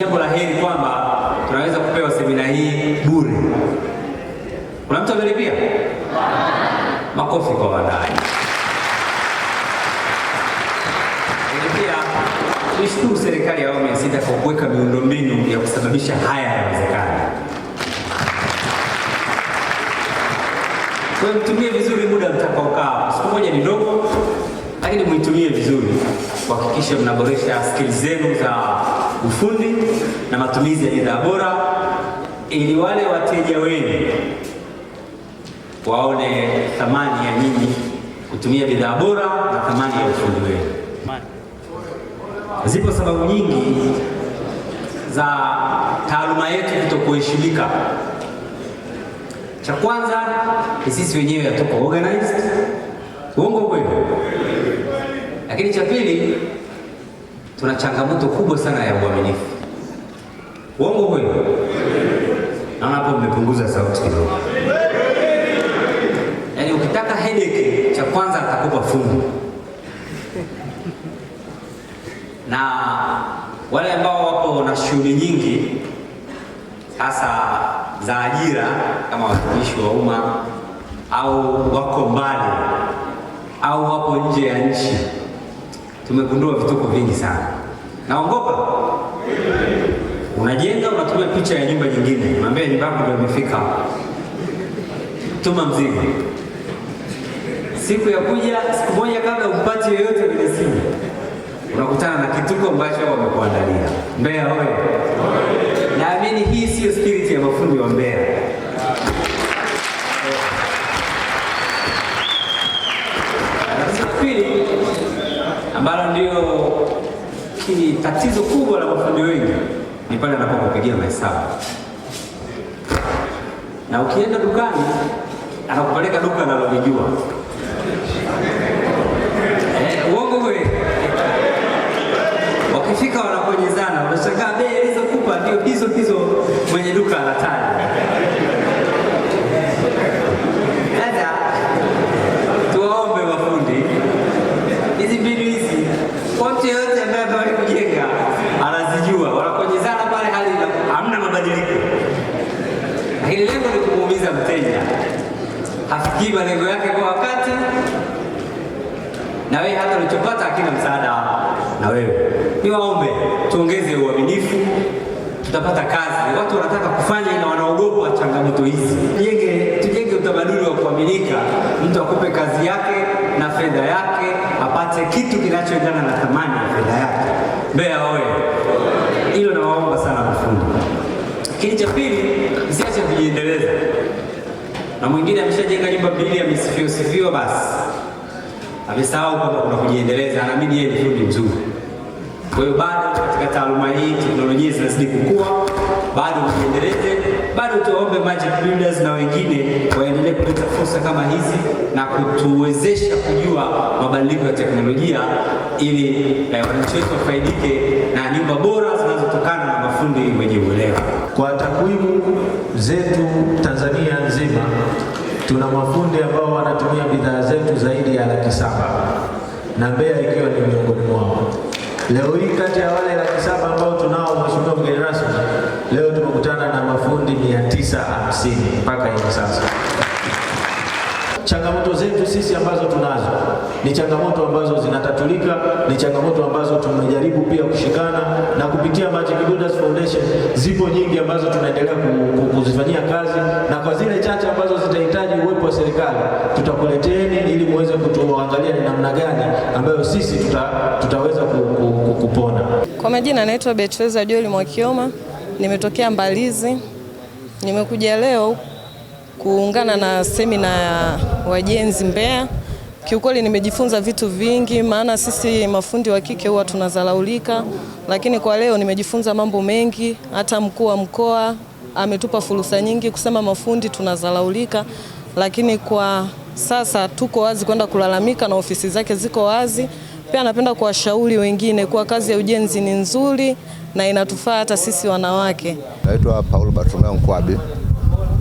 Jambo la heri kwamba tunaweza kupewa semina hii bure. Kuna mtu amelipia? Makofi kwa wadai. Pia tuishukuru serikali ya awamu ya sita kwa kuweka miundombinu ya kusababisha haya yawezekane. Kwa mtumie vizuri muda mtakaokaa, siku moja ni ndogo, lakini muitumie vizuri kuhakikisha mnaboresha skills zenu za ufundi na matumizi ya bidhaa bora, ili wale wateja wenu waone thamani ya nyinyi kutumia bidhaa bora na thamani ya ufundi wenu. Zipo sababu nyingi za taaluma yetu kutokuheshimika. Cha kwanza ni sisi wenyewe hatuko organized, uongo kweli. Lakini cha pili tuna changamoto kubwa sana ya uaminifu. Uongo kweli? Naona hapo mmepunguza sauti kidogo. Yaani ukitaka headache, cha kwanza atakupa fungu. Na wale ambao wapo na shughuli nyingi hasa za ajira kama watumishi wa umma au wako mbali au wapo nje ya nchi, tumegundua vituko vingi sana. Naongopa. Unajenga, unatumia picha ya nyumba nyingine, mwambie nyumba yako ndio imefika. Tuma mzigo siku ya kuja, siku moja kabla umpati yoyote kwenye simu, unakutana na kituko ambacho wamekuandalia. Mbeya oye! Naamini hii siyo spiriti ya mafundi wa Mbeya. Pili ambalo ndio lakini tatizo kubwa la mafundi wengi ni pale anapokupigia mahesabu, na ukienda dukani anakupeleka duka analojijua eh, uongo. Eh, wakifika wanakonyezana, unashangaa bei alizokupa ndio hizo hizo mwenye duka anataja. tuwaombe mafundi hizi mbinu hizi kumsababisha mteja hafikii malengo yake kwa wakati, na wewe hata ulichopata hakina msaada na wewe. Ni waombe tuongeze uaminifu, tutapata kazi. Watu wanataka kufanya na wanaogopa changamoto hizi. Tujenge, tujenge utamaduni wa kuaminika, mtu akupe kazi yake na fedha yake, apate kitu kinachoendana na thamani ya fedha yake. Mbeya oye! Hilo nawaomba sana mafundi. Lakini cha pili, msiache kujiendeleza, na mwingine ameshajenga nyumba mbili, amesifiwa basi amesahau kwamba kuna kujiendeleza, anaamini yeye ni fundi mzuri. Kwa hiyo bado katika taaluma hii, teknolojia zinazidi kukua, bado tujiendeleze, bado tuwaombe Magic Builders na wengine waendelee kuleta fursa kama hizi na kutuwezesha kujua mabadiliko ya teknolojia, ili eh, wananchi wetu wafaidike na nyumba bora zinazotokana na mafundi wenye uelewa. Kwa takwimu zetu Tanzania nzima tuna mafundi ambao wanatumia bidhaa zetu zaidi ya laki saba na Mbeya ikiwa ni miongoni mwao. Leo hii kati ya wale laki saba ambao tunao, mheshimiwa mgeni rasmi, leo tumekutana na mafundi mia tisa hamsini mpaka hivi sasa. Changamoto zetu sisi ambazo tunazo ni changamoto ambazo zinatatulika, ni changamoto ambazo tumejaribu pia kushikana na kupitia Magic Builders Foundation. Zipo nyingi ambazo tunaendelea kuzifanyia kazi, na kwa zile chache ambazo zitahitaji uwepo wa serikali tutakuleteeni, ili muweze kutuangalia ni namna gani ambayo sisi tuta, tutaweza kupona. Kwa majina naitwa Betweza Joel Mwakioma, nimetokea Mbalizi, nimekuja leo kuungana na semina ya wajenzi Mbeya. Kiukweli nimejifunza vitu vingi, maana sisi mafundi wa kike huwa tunazalaulika, lakini kwa leo nimejifunza mambo mengi. Hata mkuu wa mkoa ametupa fursa nyingi kusema mafundi tunazalaulika, lakini kwa sasa tuko wazi kwenda kulalamika na ofisi zake ziko wazi. Pia napenda kuwashauri wengine kuwa kazi ya ujenzi ni nzuri na inatufaa hata sisi wanawake. Naitwa Paul Bartolomeo Nkwabi.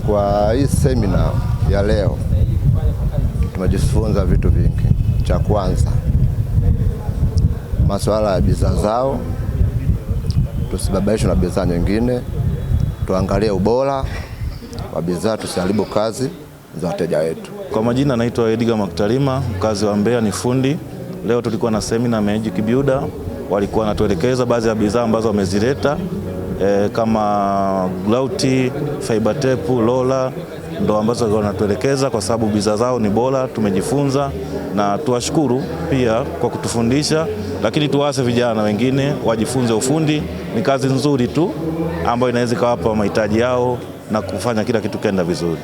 Kwa hii semina ya leo tumejifunza vitu vingi. Cha kwanza, masuala ya bidhaa zao, tusibabaishwe na bidhaa nyingine, tuangalie ubora wa bidhaa, tusiharibu kazi za wateja wetu. Kwa majina, anaitwa Edgar Maktalima, mkazi wa Mbeya, ni fundi. Leo tulikuwa na semina ya Magic Builder, walikuwa wanatuelekeza baadhi ya bidhaa ambazo wamezileta e, kama Glauti, Tape, Lola ndo ambazo wanatuelekeza kwa sababu bidhaa zao ni bora, tumejifunza na tuwashukuru pia kwa kutufundisha, lakini tuwaase vijana wengine wajifunze ufundi. Ni kazi nzuri tu ambayo inaweza ikawapa mahitaji yao na kufanya kila kitu kenda vizuri.